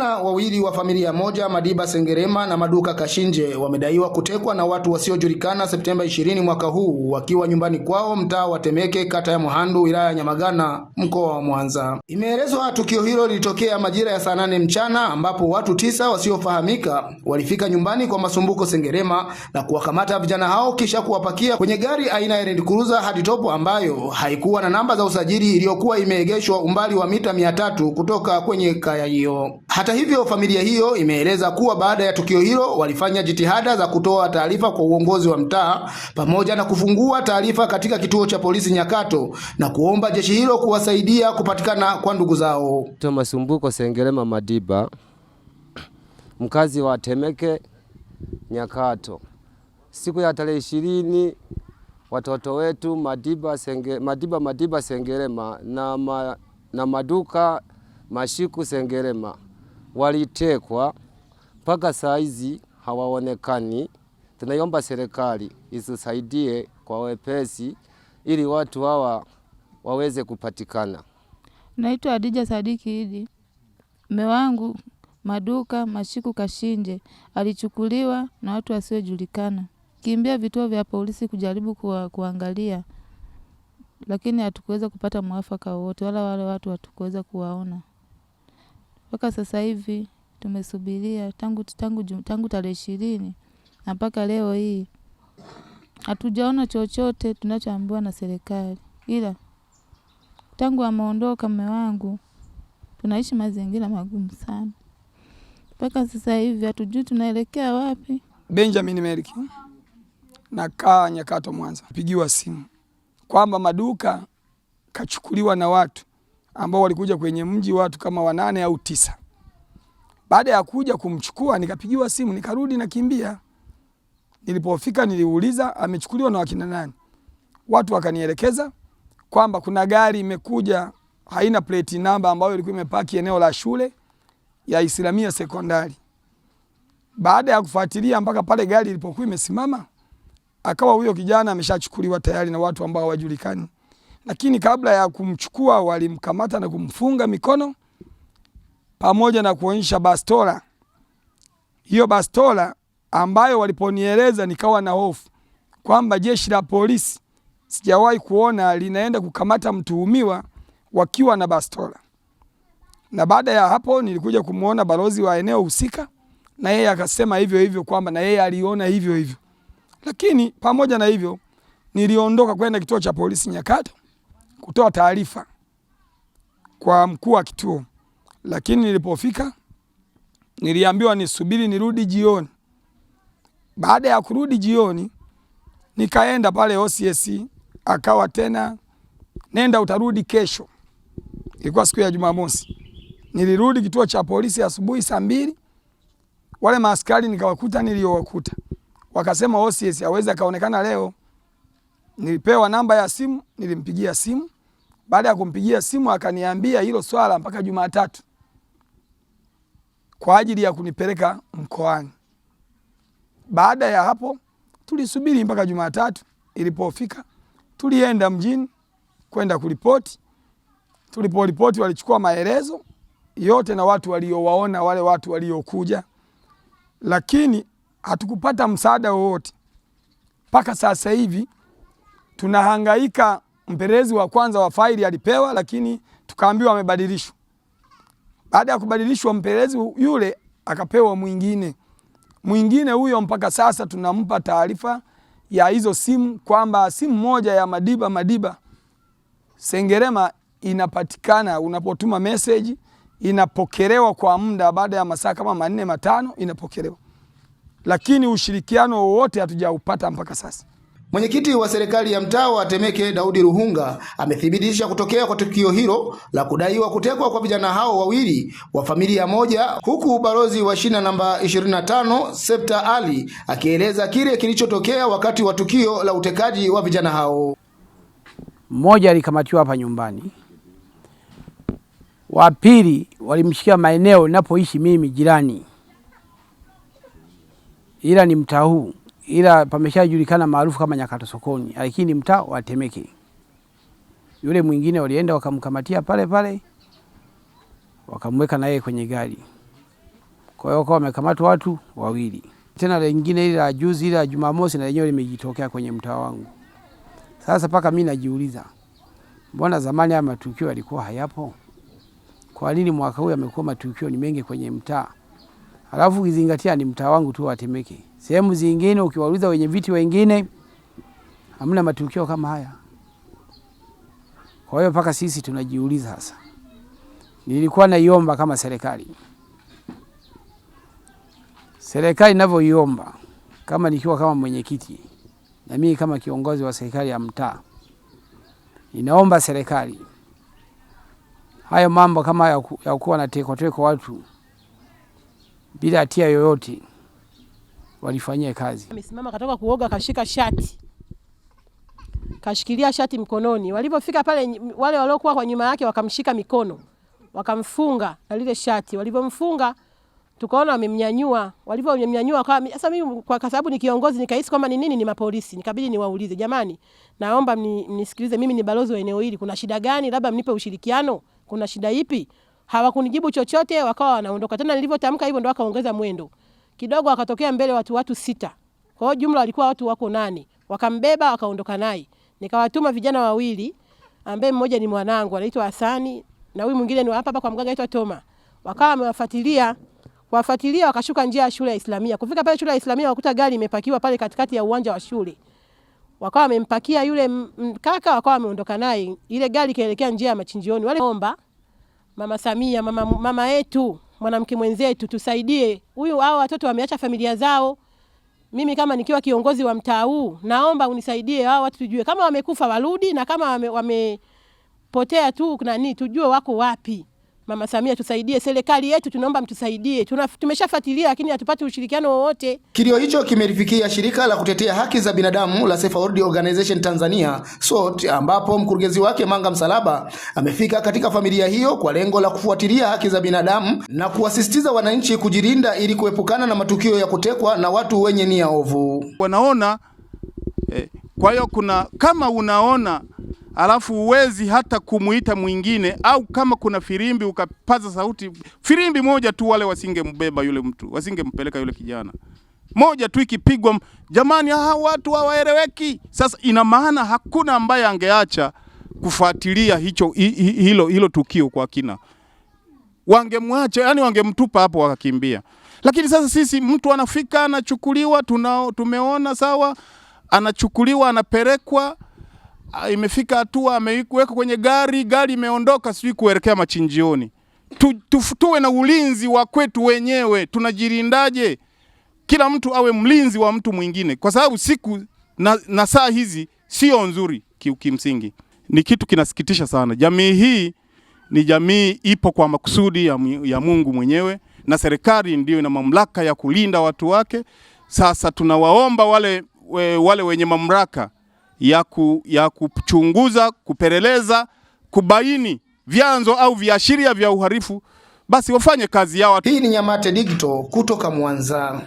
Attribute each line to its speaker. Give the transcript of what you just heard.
Speaker 1: Vijana wawili wa familia moja Madiba Sengerema na Maduka Kashinje wamedaiwa kutekwa na watu wasiojulikana Septemba 20 mwaka huu wakiwa nyumbani kwao mtaa wa Temeke kata ya Muhandu, wilaya ya Nyamagana mkoa wa Mwanza. Imeelezwa tukio hilo lilitokea majira ya saa nane mchana ambapo watu tisa wasiofahamika walifika nyumbani kwa Masumbuko Sengerema na kuwakamata vijana hao kisha kuwapakia kwenye gari aina ya Land Cruiser hadi topo ambayo haikuwa na namba za usajili iliyokuwa imeegeshwa umbali wa mita mia tatu kutoka kwenye kaya hiyo. Hata hivyo, familia hiyo imeeleza kuwa baada ya tukio hilo walifanya jitihada za kutoa taarifa kwa uongozi wa mtaa pamoja na kufungua taarifa katika kituo cha polisi Nyakato na kuomba jeshi hilo kuwasaidia kupatikana kwa ndugu zao.
Speaker 2: Mbuko Sengerema Madiba, mkazi wa Temeke Nyakato. Siku ya tarehe ishirini watoto wetu Madiba, Senge, Madiba, Madiba Sengerema na, ma, na Maduka Mashiku Sengerema walitekwa mpaka saa hizi hawaonekani. Tunaiomba serikali itusaidie kwa wepesi ili watu hawa waweze kupatikana.
Speaker 3: Naitwa Adija Sadiki Idi. Mme wangu Maduka Mashiku Kashinje alichukuliwa na watu wasiojulikana, kimbia vituo vya polisi kujaribu kuwa, kuangalia, lakini hatukuweza kupata mwafaka wowote, wala wale watu hatukuweza kuwaona mpaka sasa hivi tumesubiria tangu, tangu, tangu tarehe ishirini na mpaka leo hii hatujaona chochote tunachoambiwa na serikali, ila tangu ameondoka mume wangu tunaishi mazingira magumu sana mpaka sasa hivi hatujui tunaelekea wapi.
Speaker 4: Benjamin meriki nakaa Nyakato Mwanza, pigiwa simu kwamba maduka kachukuliwa na watu ambao walikuja kwenye mji watu kama wanane au tisa. Baada ya kuja kumchukua, nikapigiwa simu nikarudi nakimbia. Nilipofika niliuliza amechukuliwa na wakina nani, watu wakanielekeza kwamba kuna gari imekuja haina plate namba ambayo ilikuwa imepaki eneo la shule ya Islamia Sekondari. Baada ya kufuatilia mpaka pale gari ilipokuwa imesimama, akawa huyo kijana ameshachukuliwa tayari na watu ambao hawajulikani. Lakini kabla ya kumchukua walimkamata na kumfunga mikono pamoja na kuonyesha bastola. Hiyo bastola ambayo waliponieleza nikawa na hofu kwamba jeshi la polisi sijawahi kuona linaenda kukamata mtuhumiwa wakiwa na bastola. Na baada ya hapo nilikuja kumwona balozi wa eneo husika, na yeye akasema hivyo hivyo kwamba na yeye aliona hivyo hivyo. Lakini pamoja na hivyo niliondoka kwenda kituo cha polisi Nyakato kutoa taarifa kwa mkuu wa kituo, lakini nilipofika niliambiwa nisubiri nirudi jioni. Baada ya kurudi jioni, nikaenda pale OCS, e, akawa tena nenda utarudi kesho. Ilikuwa siku ya Jumamosi. Nilirudi kituo cha polisi asubuhi saa mbili. Wale maaskari nikawakuta niliowakuta, wakasema OCS e hawezi akaonekana leo nilipewa namba ya simu, nilimpigia simu. Baada ya kumpigia simu, akaniambia hilo swala mpaka Jumatatu kwa ajili ya kunipeleka mkoani. Baada ya hapo, tulisubiri mpaka Jumatatu. Ilipofika tulienda mjini kwenda kuripoti. Tuliporipoti walichukua maelezo yote na watu waliowaona, wale watu waliokuja, lakini hatukupata msaada wowote mpaka sasa hivi tunahangaika. Mpelelezi wa kwanza wa faili alipewa, lakini tukaambiwa amebadilishwa. Baada ya kubadilishwa, mpelelezi yule akapewa mwingine, mwingine huyo mpaka sasa tunampa taarifa ya hizo simu kwamba simu moja ya Madiba Madiba Sengerema inapatikana, unapotuma message inapokelewa kwa muda, baada ya masaa kama manne matano inapokelewa, lakini ushirikiano wowote hatujaupata mpaka sasa.
Speaker 1: Mwenyekiti wa serikali ya mtaa wa Temeke Daudi Ruhunga amethibitisha kutokea kwa tukio hilo la kudaiwa kutekwa kwa vijana hao wawili wa familia moja, huku balozi wa shina namba 25 Septa Ali akieleza kile kilichotokea wakati wa tukio la utekaji wa vijana hao.
Speaker 5: Mmoja alikamatiwa hapa nyumbani, wa pili walimshikia maeneo ninapoishi mimi jirani, ila ni mtaa huu ila pameshajulikana maarufu kama Nyakato Sokoni, lakini mtaa wa Temeke. Yule mwingine walienda wakamkamatia pale pale, wakamweka na yeye kwenye gari. Kwa hiyo kwa wamekamata watu wawili. Tena lingine ile la juzi ile la Jumamosi na lenyewe limejitokea kwenye mtaa wangu. Sasa paka mimi najiuliza, mbona zamani haya matukio yalikuwa hayapo? Kwa nini mwaka huu yamekuwa matukio ni mengi kwenye mtaa? Halafu ukizingatia ni mtaa wangu tu wa Temeke. Sehemu zingine ukiwauliza wenye viti wengine hamna matukio kama haya. Kwa hiyo mpaka sisi tunajiuliza sasa. Nilikuwa naiomba kama serikali, serikali inavyoiomba, kama nikiwa kama mwenyekiti na mimi kama kiongozi wa serikali ya mtaa, ninaomba serikali hayo mambo kama ya kuwa na teko watu bila hatia yoyote, walifanyia kazi.
Speaker 6: Amesimama katoka kuoga, kashika shati, kashikilia shati mkononi. Walipofika pale, wale waliokuwa kwa nyuma yake wakamshika mikono, wakamfunga na lile shati. Walipomfunga tukaona wamemnyanyua. Walipomnyanyua kwa sasa, mimi kwa sababu ni kiongozi, nikahisi kwamba ni nini, ni mapolisi. Nikabidi niwaulize, jamani, naomba mnisikilize, mimi ni balozi wa eneo hili, kuna shida gani? Labda mnipe ushirikiano, kuna shida ipi? hawakunijibu chochote, wakawa wanaondoka tena. Nilivyotamka hivyo, ndo wakaongeza mwendo kidogo, wakatokea mbele watu watu sita, kwa hiyo jumla walikuwa watu wako nane. Wakambeba wakaondoka naye, nikawatuma vijana wawili, ambaye mmoja ni mwanangu anaitwa Hasani na huyu mwingine ni hapa hapa kwa mganga anaitwa Toma. Wakawa wamewafuatilia wafuatilia, wakashuka njia ya shule ya Islamia. Kufika pale shule ya Islamia, wakuta gari imepakiwa pale katikati ya uwanja wa shule wakawa wamempakia yule kaka, wakawa wameondoka naye. Ile gari ikaelekea njia ya machinjioni. Wale omba Mama Samia, mama, mama yetu, mwanamke mwenzetu, tusaidie huyu. Hao watoto wameacha familia zao. Mimi kama nikiwa kiongozi wa mtaa huu, naomba unisaidie hao watu, tujue kama wamekufa warudi, na kama wamepotea wame tu nani, tujue wako wapi. Mama Samia tusaidie, serikali yetu tunaomba mtusaidie. Tumeshafuatilia lakini hatupati ushirikiano wowote.
Speaker 1: Kilio hicho kimelifikia shirika la kutetea haki za binadamu la Safehold Organization Tanzania SWOT, ambapo mkurugenzi wake Manga Msalaba amefika katika familia hiyo kwa lengo la kufuatilia haki za binadamu na kuwasisitiza wananchi kujilinda ili kuepukana na matukio ya kutekwa na watu wenye nia ovu.
Speaker 7: Wanaona eh, kwa hiyo kuna kama unaona alafu uwezi hata kumuita mwingine, au kama kuna firimbi ukapaza sauti firimbi moja tu, wale wasingembeba yule mtu, wasingempeleka yule kijana. Moja tu ikipigwa, jamani, hawa watu hawaeleweki. Sasa ina maana hakuna ambaye angeacha kufuatilia hicho hilo hilo tukio kwa kina, wangemwacha yani, wangemtupa hapo wakakimbia. Lakini sasa sisi, mtu anafika anachukuliwa, tunao tumeona, sawa, anachukuliwa anapelekwa Ah, imefika hatua ameweka kwenye gari, gari imeondoka sijui kuelekea machinjioni. Tu, tuwe na ulinzi wa kwetu wenyewe. Tunajilindaje? Kila mtu awe mlinzi wa mtu mwingine, kwa sababu siku na, na saa hizi sio nzuri kimsingi. Ni kitu kinasikitisha sana. Jamii hii ni jamii ipo kwa makusudi ya, ya Mungu mwenyewe na serikali ndiyo ina mamlaka ya kulinda watu wake. Sasa tunawaomba wale, we, wale wenye mamlaka ya, ku, ya kuchunguza, kupeleleza, kubaini vyanzo au viashiria vya uhalifu, basi wafanye kazi yao.
Speaker 1: Hii ni Nyamate Digital kutoka Mwanza.